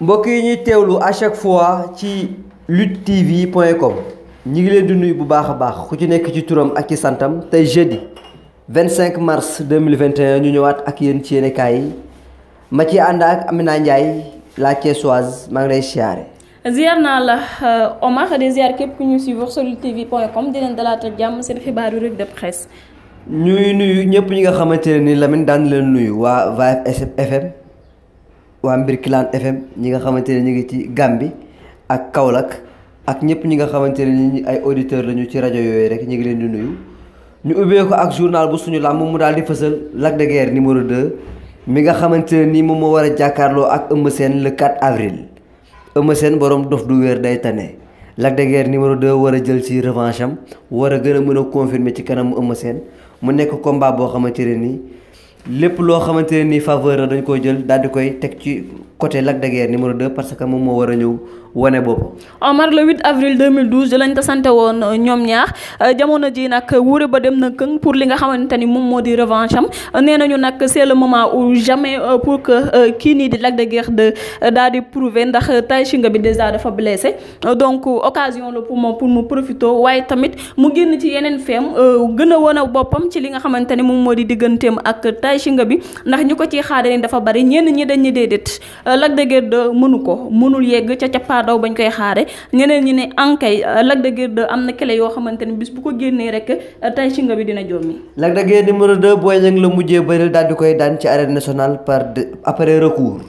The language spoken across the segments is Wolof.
mbokk yi ñuy teewlu à chaque fois ci luttetv.com ñi ngi leen di nuyu bu baax a baax ku ci nekk ci turam ak ci santam tey jeudi 25 mars 2021 ñu ñëwaat ak yéen ci yéenekaay yi ma ci ànd ak Amina Ndiaye la soise maa ngi lay siyaare. ziar naa la euh, Omar di ziar képp ku ñu suivre solutv.com di leen dalaat ak jàmm seen yu revue de presse. ñuy nuyu ñëpp ñi nga xamante ne ni lamin daan leen nuyu waa Vibe FM waa mbir kilaan FM ñi nga xamante ne ñu ngi ci Gàmbi ak Kaolack. ak ñëpp ñi nga xamante ne ni ay auditeurs lañu ci rajo yooyu rek ñu ngi leen di nuyu ñu ubbee ak journal bu suñu làmb mu daal di fësal Lac de numéro 2 mi nga xamante ne ni moom moo war a jàkkaarloo ak Eumeu Sène le 4 avril Eumeu seen borom dof du weer day tane Lac de numéro 2 war a jël ci revanche am war a gën a mën a confirmer ci kanam Eumeu Sène mu nekk combat boo xamante ne ni lépp loo xamante ne ni faveur dañ koo jël daal di koy teg ci côté Lac de Guiers numéro parce que moom moo war a ñëw wane boppam. Omar le 8 avril 2012 lañ ta sante woon euh, ñoom ñaar euh, jamono ji nag wuure ba dem na këng pour li nga xamante ni moom moo di revanche am nee nañu nag c'est le moment ou jamais euh, pour que kii nii di Lac de Guiers 2 daal di prouver ndax Tay Shinga bi déjà dafa blessé donc occasion la pour moom pour mu profiter waaye tamit mu génn ci yeneen feem gën a wane boppam ci li nga xamante ni moom moo di digganteem ak Tay Shinga bi ndax ñu ko ciy xaaree dafa bari ñenn ñi dañ ñu déedéet Lac de mënu ko mënul yegg ca cappaandaw daa daw bañ koy xaare ñeneen ñi ne ankay euh, Lac de Guiers am na clé yoo xamante ni bis bu ko génnee rek euh, tay ci nga bi dina jommi. Lac de Guiers de booy Boy la mujjee bëril daal di koy daan ci arène nationale par après recours.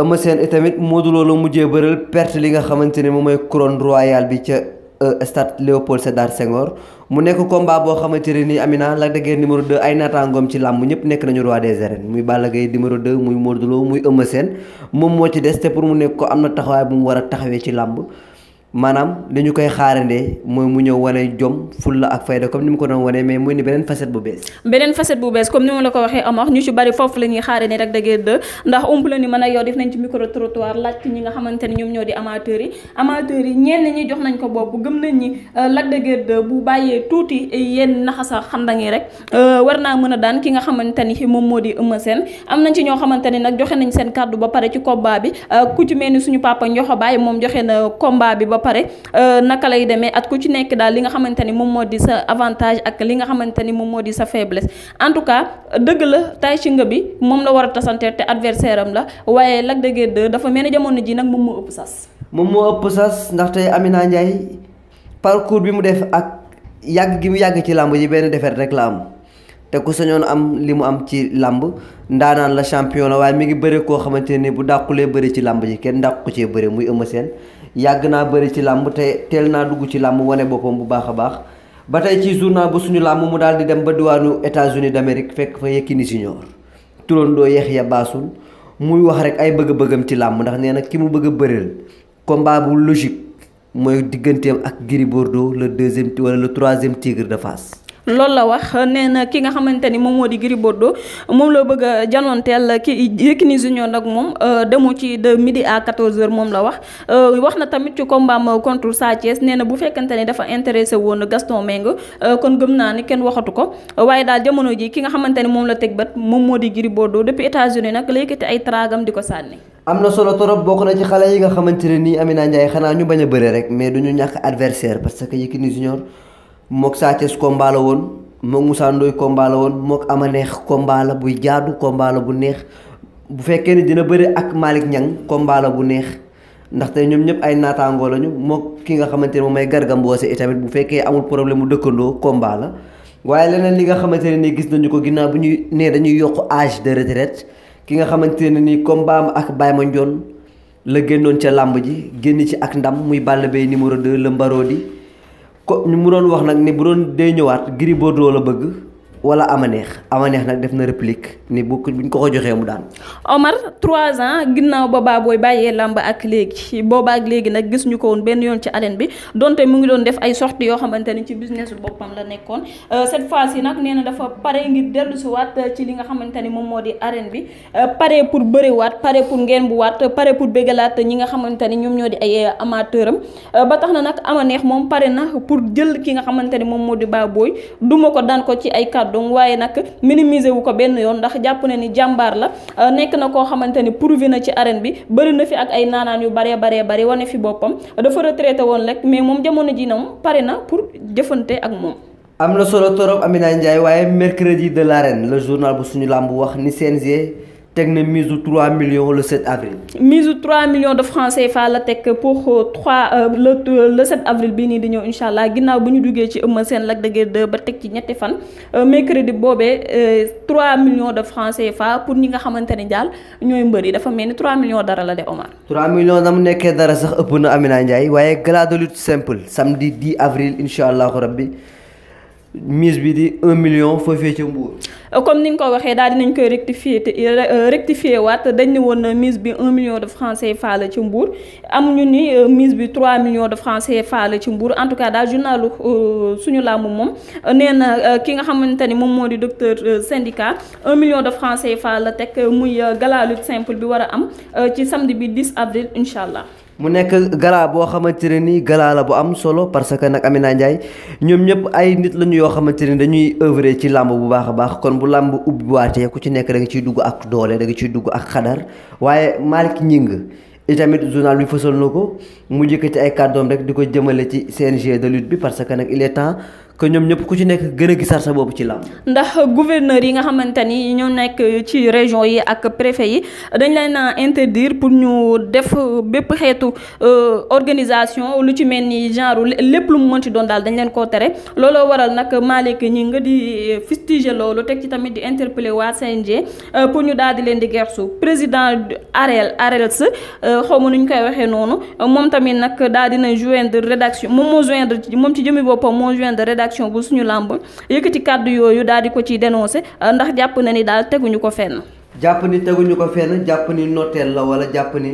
Eumeu Sène itamit Modou Lo la mujjee bëril perte li nga xamante ne moom mooy couronne royale bi ca. Euh, stade Léopold Sédar Senghor mu nekk combat boo xamante ne nii Amina Lac de Guiers numéro 2 ay naataangoom ci làmb ñëpp nekk nañu roi des arènes muy Balla Gaye numéro 2 muy Modou muy Eumeu Sène moom moo ci des te pour mu nekk ko am na taxawaay bu mu war a taxawee ci làmb maanaam li ñu koy xaarandee mooy mu ñëw wane jom fulla ak fayda comme ni mu ko doon wane mais muy ni beneen facette bu bees beneen facette bu bees comme ni ma ko waxee Omar ñu ci ni mën a yow def nañ ci micro trottoir laaj ñi xamante ne ñoom ñoo di amateurs yi amateurs yi ñenn jox nañ ko bopp gëm nañ ñi Lac de Guiers 2 bu bàyyee tuuti yenn naxasa xandang rek euh, war naa mën a daan ki nga xamante ni moom moo di Eumeu Sène am nañ ci ñoo xamante ni nag joxe nañ seen kàddu ba pare ci combat bi euh, ku ci mel ni suñu papa Ndiokhobaye moom joxe na bi ba pare euh, naka lay demee at ku ci nekk daal li nga xamante ni moom moo di sa avantage ak li nga xamante ni moom moo di sa faiblesse en tout cas dëgg la Tay Shinga bi moom la war a tasanteer te adversaire am la waaye Lac de Guiers dafa mel ni jamono ji nag moom moo ëpp sas. moom moo ëpp sas ndaxte Amina Ndiaye parcours bi mu def ak yàgg gi mu yàgg ci làmb yi benn defet rek la am te ku sañoon am li mu am ci làmb ndaanaan la champion la waaye mi ngi bëre koo xamante ne bu dàqulee bëre ci làmb ji kenn dàqu ko cee bëre muy Eumeu Sène yàgg naa bëri ci làmb te teel naa dugg ci làmb wane boppam bu baax a baax ba tey ci journal bu suñu làmb mu daal di dem ba diwaanu États-Unis d'Amérique fekk fa Yékini Junior turandoo Yaxya Baasul muy wax rek ay bëgg-bëggam ci làmb ndax nee na ki mu bëgg a bëreel combat bu logique mooy digganteem ak Gris Bordeaux le deuxième wala le troisième tigre de Fass loolu la wax nee na ki nga xamante ni moom moo di Gris Bordeaux moom la bëgg a janonteel ki Yékini Junior nag moom euh, demu ci de midi à 14h moom la wax euh, wax na tamit ci ko am contre Sa Thiès nee na bu fekkante ni dafa intéressé woon Gaston Mbengue euh, kon gëm naa ni kenn waxatu ko waaye daal jamono ji ki nga xamante ni moom la teg bët moom moo di Gris Bordeaux depuis États-Unis nag léegi te ay tragam di ko sànni. am na solo torop bokk na ci xale yi nga xamante ne nii Amina Ndiaye xanaa ñu bañ a bëre rek mais duñu ñàkk adversaire parce que Yékini Junior mook Sa Thiès combat la woon mook Moussa Ndoye combat la woon mook ama neex combat buy jaadu combat bu neex bu fekkee ni dina bëri ak Malick Niang combat bu neex ndaxte ñoom ñëpp ay naataangoo lañu mook ki nga xamante ne moom mooy Garga Mbossé itamit bu fekkee amul problème mu dëkkandoo combat waaye leneen li nga xamante ne ni gis nañu ko ginnaaw bu ñuy nee dañuy yokk âge de retraite ki nga xamante ne nii combat ak baay ma Mandione la génnoon ca làmb ji génn ci ak ndam muy Balla Gaye numéro 2 la mbaroo ko ñu mu doon wax nag ne bu doon dee ñëwaat Gris Bordeaux la bëgg wala amaneex amaneex nag def na réplique ni bu buñ ko ko joxee mu daan. Omar trois ans ginnaaw ba Baboy bàyyee làmb ak léegi booba ak léegi nag gis ñu ko woon benn yoon ci arène bi donte mu ngi doon def ay sorties yoo xamante ni ci business bu boppam la nekkoon euh, cette fois yi nag nee na dafa pare ngir dellusiwaat ci li nga xamante ni moom moo di arène bi euh, pare pour bëriwaat pare pour ngeen bu waat pare pour bégalaat ñi nga xamante ni ñoom ñoo di ay euh, amateur am ba tax na nag amaneex moom pare na pour jël ki nga xamante ni moom moo di Baboy duma ko daan ko donc waaye nag minimiser wu ko benn yoon ndax jàpp ne ni jàmbaar la euh, nekk na koo xamante pour prouvé na ci arène bi bëri na fi ak ay naanaan yu baree baree bari wane fi boppam dafa retraité woon rek mais moom jamono ji na moom pare na pour jëfante ak moom. am na solo torop Amina Ndiaye waaye mercredi de l'arène la journal bu suñu làmb wax ni CNG. teg na mise u 3 millions le 7 avril. mise u 3 millions de francs CFA la teg pour 3 euh, euh, euh, avril bii nii di ñëw incha allah ginnaaw bu ñu duggee ci Eumeu Sène Lac de Guiers 2 ba teg ci ñetti fan. mercredi boobee 3 millions de francs fa pour ñi nga xamante ne daal ñooy mbër yi dafa mel ni 3 millions dara la de Omar. 3 millions na nekkee dara sax ëpp na Amina Ndiaye waaye gala de lutte simple samedi 10 avril incha allahu rabbi. mise bi di un million foofee ca Mbour. comme ni nga ko waxee daal dinañ koy rectifier te euh, euh, rectifier waat dañ ne woon euh, mise bi un million de francs CFA la ci am ñu ni mise bi trois millions de francs CFA la ci mbuur en tout cas daal journalu suñu làmb moom nee na ki nga xamante ni moom moo di docteur syndicat un million de francs CFA la teg muy galaalu lutte simple bi war a am ci samedi bi 10 avril incha allah. mu nekk gala boo xamante ne nii gala la bu am solo parce que nag Amina Ndiaye ñoom ñëpp ay nit lañu yoo xamante ne dañuy œuvrer ci làmb bu baax a baax kon bu làmb ubbiwaatee ku ci nekk da nga ciy dugg ak doole da nga ciy dugg ak xadar waaye Malick Gningue tamit journal bi fësal na ko mu yëkkati ay kàddoom rek di ko jëmale ci CNG de lutte bi parce que nag il est temps. que ñoom ñëpp ku ci nekk gën a gisaat sa bopp ci làmb. ndax gouverneur yi nga xamante ni ñoo nekk ci région yi ak préfet yi dañ leen a interdire pour ñu def bépp xeetu euh, organisation lu ci mel ni genre lépp lu mu mënti doon daal dañ leen koo tere looloo waral nag Malick ñi nga di fustiger loolu teg ci tamit di interpeller waa CNG euh, pour ñu daal di leen di gersu président Arel Arels euh, xaw ma nu ñu koy waxee noonu moom tamit nag daal dina joindre rédaction moom moo joindre moom ci jëmi boppam moo joindre rédaction bu suñu làmb yëkkati kàddu yooyu daal di ko ciy dénoncé ndax jàpp na ni daal teguñu ko fenn. jàpp ni teguñu ko fenn jàpp ni nooteel la wala jàpp ni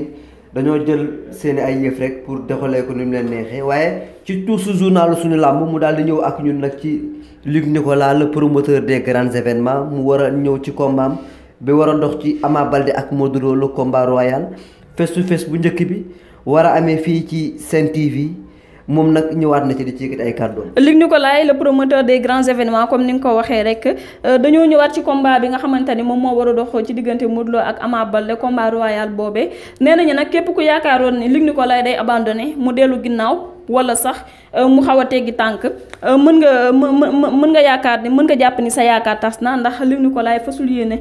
dañoo jël seeni ay yëf rek pour doxalee ko ni mu leen neexee waaye ci tout su journal suñu làmb mu daal di ñëw ak ñun nag ci Luc Nicolas le promoteur de grand événements mu war a ñëw ci kombaam bi war a dox ci Ama Baldé ak Modou Lo le combat royal face bu njëkk bi war amee fii ci Sen TV. moom nag ñëwaat na ci di ci yëkkati ay kàddoom. Luc Nicolaï le promoteur des grands événements comme ni nga ko waxee rek euh, dañoo ñëwaat ci combat bi nga xamante ni moom moo war a dox ci diggante Modou Lo ak Ama Baldé combat royal boobee nee nañu nag képp ku yaakaaroon ni Luc Nicolaï day abandonné mu dellu ginnaaw. wala sax euh, mu xaw a teggi tànk euh, mën nga euh, mën nga yaakaar ni mën nga jàpp ni sa yaakaar tas na ndax Luc Nicolaï fasul yéene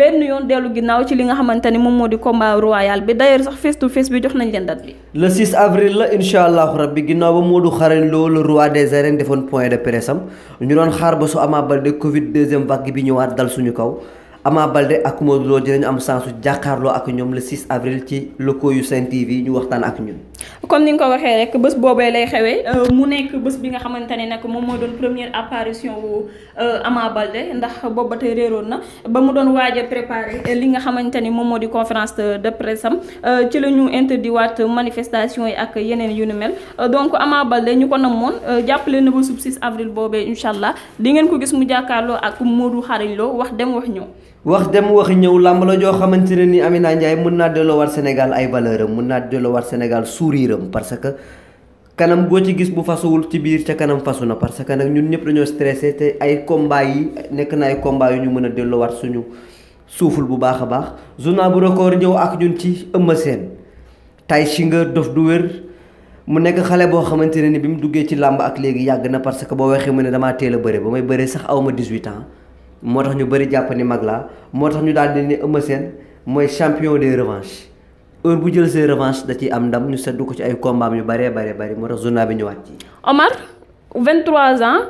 benn yoon dellu ginnaaw ci li nga xamante ni moom moo di combat royal bi d'ailleurs sax face to face bi jox nañ leen date bi. le avril la incha allahu rabbi ginnaaw ba Modou Xarañ Lo roi des arènes defoon point de presse am ñu doon xaar ba su amaa Baldé Covid deuxième vague bi waat dal suñu kaw. Ama Baldé ak moo Lo dinañu am sansu jàkkaarloo ak ñoom le 6 avril ci locaux yu Sen TV ñu waxtaan ak ñun. comme ni nga ko waxee rek bés boobee lay xewee euh, mu nekk bés bi nga xamante ne nag moom mooy doon première apparition wu euh, Ama Baldé ndax boobu ba tey réeroon na ba mu doon waaj a préparé li nga xamante ni moom moo di conférence de presse euh, ci la ñu interdit waat manifestation yi ak yeneen yu ni mel donc Ama Baldé ñu ko namoon jàppale na ba sub 6 avril boobee incha allah di ngeen ko gis mu jàkkaarloo ak Modou Xarañ Lo wax dem wax ñëw. wax dem wax ñëw làmb la joo xamante ne ni naa Ndiaye mën naa delloo delloowaat Sénégal ay valeur am mën naa delloowaat Sénégal sourire am parce que kanam goo ci gis bu fasuwul ci biir ca kanam fasu na parce que nag ñun ñëpp dañoo stressé te ay combat yi nekk na ay combat yu ñu mën a delloo delloowaat suñu suuful bu baax a baax journal bu record ñëw ak ñun ci Eumeu seen tay si nga dof du wér mu nekk xale boo xamante ne ni bi mu duggee ci làmb ak léegi yàgg na parce que boo waxee mu ne damaa teel a bëre ba may bëre sax awma 18 moo tax ñu bëri jàpp ni mag laa moo tax ñu daal di ne Eumeu Sène mooy champion des revanches heure bu jël ses revanche da ciy am ndam ñu seddu ko ci ay combat yu bëree bëri bëri moo tax journal bi ñëwaat ci. Omar 23 ans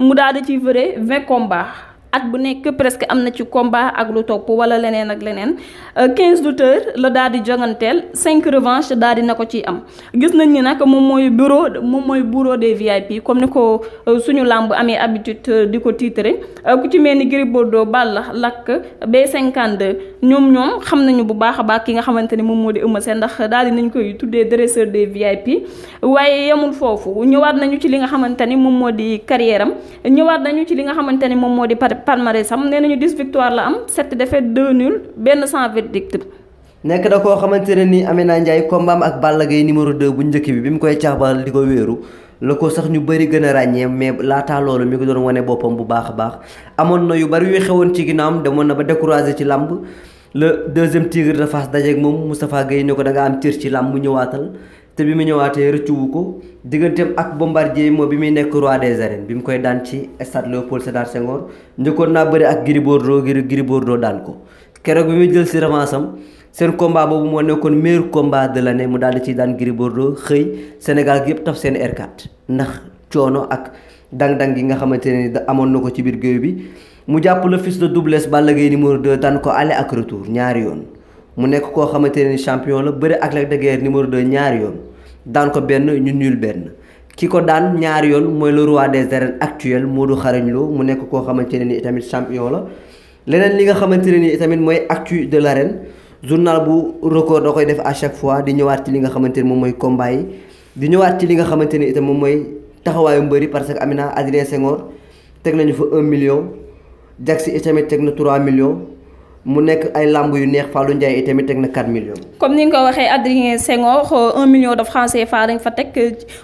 mu daal di ci vrai 20 combats. at bu nekk presque am na ci combat ak lu topp wala leneen ak leneen 15 euh, lutteurs la daal di jonganteel 5 revanche daal di na ko ciy am gis nañ ni nag moom mooy bureau moom mooy bureau des VIP comme ni ko euh, suñu làmb amee habitude euh, di ko titre ku ci mel ni Gris Bordeaux Balla Lac B52 ñoom ñoom xam nañu bu baax a baax ki nga xamante ni moom moo di Eumeu Sène ndax daal di nañ koy tuddee dresseur des VIP waaye yamul foofu ñëwaat nañu ci li nga xamante ni moom moo di carrière am ñëwaat nañu ci li moom moo di palmarès am nee nañu 10 victoire la am 7 défaite 2 nul benn sans verdict. nekk da koo xamante ne amee Amina Ndiaye kombaam ak Balla Gaye numéro 2 bu njëkk bi bi mu koy caaxbal di ko wéeru. la ko sax ñu bëri gën a ràññee mais laataa loolu mi ko doon wane boppam bu baax a baax amoon na yu bari yu xewoon ci ginnaawam demoon na ba découragé ci làmb le deuxième tigre de Fass dajeeg moom Moustapha Guèye ne ko danga nga am cër ci làmb ñëwaatal te bi mu ñëwaatee rëccuwu ko digganteem ak Bombardier moo bi muy nekk roi des arènes bi mu koy daan ci stade Léopold Sédar Senghor njëkkoon naa bëri ak Gris Bordeaux Gris Bordeaux daan ko keroog bi muy jël si revanche seen combat boobu moo nekkoon meilleur combat de l'année mu daal di ciy daan Gris Bordeaux xëy Sénégal gi yëpp taf seen r ndax coono ak dang-dang gi nga xamante ne da amoon na ko ci biir géew bi mu jàpp la fils de Double Less Balla Gaye numéro 2 daan ko aller ak ñaari yoon. mu nekk koo xamante ne champion la bëri ak Lac de Guiers numéro 2 ñaari yoon daan ko benn ñu nul benn ki ko daan ñaari yoon mooy le roi des arènes actuel Modou Xarañ Lo mu nekk koo xamante ne ni tamit champion la leneen li nga xamante ne ni tamit mooy actu de ren journal bu record da koy def à chaque fois di ñëwaat ci li nga xamante ni moom mooy combat yi di ñëwaat ci li nga xamante ni itam moom mooy taxawaayu mbëri parce que Amina Adrien Senghor teg nañu fa 1 million Jax itamit teg na 3 millions. mu nekk ay làmb yu neex Fallou Ndiaye itamit teg na 4 millions. comme ni nga ko waxee Adrien Senghor 1 million de francs CFA dañ fa teg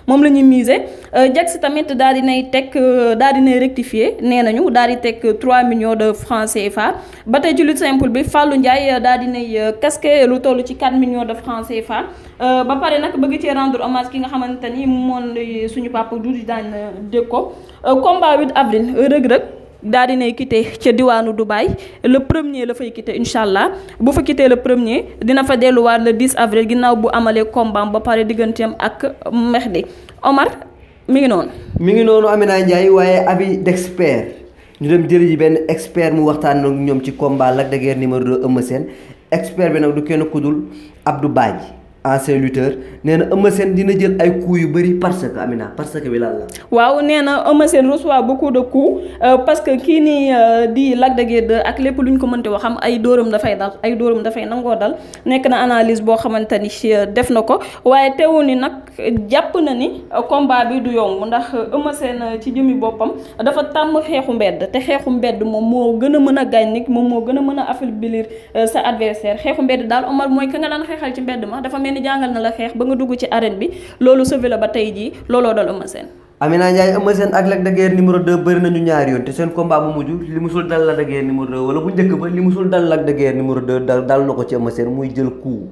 moom la ñuy miser si euh, tamit daal di nay teg euh, daal di nay rectifier nee nañu daal di teg 3 millions de francs CFA ba tey ci lutte simple bi Fallou Ndiaye euh, daal di nay casqué lu toll ci 4 millions de francs CFA ba pare nag bëgg cee rendre hommage ki nga xamante ni moom suñu papa Doudou daan dégg ko combat 8 avril daal di nay quitté ca diwaanu du baay le premier la fay quitté incha allah bu fa quitté le premier dina fa delluwaat le 10 avril ginnaaw bu amalee combat ba pare digganteem ak di Omar mi ngi noonu. mi ngi noonu Amina Ndiaye waaye avis d'expert ñu dem jëli ji benn expert mu waxtaan ak ñoom ci combat Lac de Guiers numéro 2 seen Sène expert bi nag du kenn ku dul du Badji. ancien lutteur nee na Eumeu Sène dina jël ay coups yu bëri parce que Amina parce que bi lan la. waaw nee na Eumeu Sène reçoit beaucoup de coups euh, parce que kii nii euh, di Lac de ak lépp lu ñu ko mënti wax xam ay dooram dafay dal ay dooram dafay nangoo dal nekk na analyse boo xamante ni euh, def na ko waaye teewu ni nag jàpp na ni combat bi du yomb ndax Eumeu Sène ci jëmi boppam dafa tàmm xeexu mbedd te xeexu mbedd moom moo gën a mën a gaañ nit moom moo gën a mën a affaiblir sa adversaire xeexu daal Omar mooy ka nga ci mbedd mel ni jàngal na la xeex ba nga dugg ci arène bi loolu sauvé ba tey jii looloo dal Eumeu Sène Amina Ndiaye Eumeu Sène ak Lac de Guiers numéro 2 nañu ñaari yoon te seen combat bu mujj li musul dal Lac de Guiers numéro dal Lac ci Eumeu Sène muy jël coup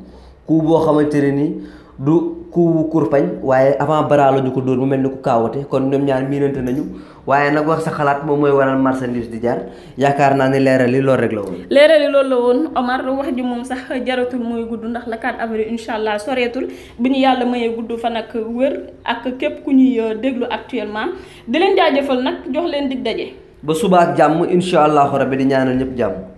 coup boo xamante ne nii du kuwu kurpañ waaye avant bara ñu ko dóor mu mel ni ku kaawate kon ñoom ñaar miinante nañu waaye nag wax sa xalaat moom mooy waral marchandise di jar yaakaar naa ni leeral yi loolu rek la woon. leeral yi loolu la woon Omar wax ji moom sax jaratul mooy gudd ndax la 4 avril incha allah soreetul bi ñu yàlla mayee gudd fan ak wér ak képp ku ñuy euh, déglu actuellement di leen jaajëfal nag jox leen dig daje. ba suba jàmm incha allahu rabbi di ñaanal ñëpp jàmm.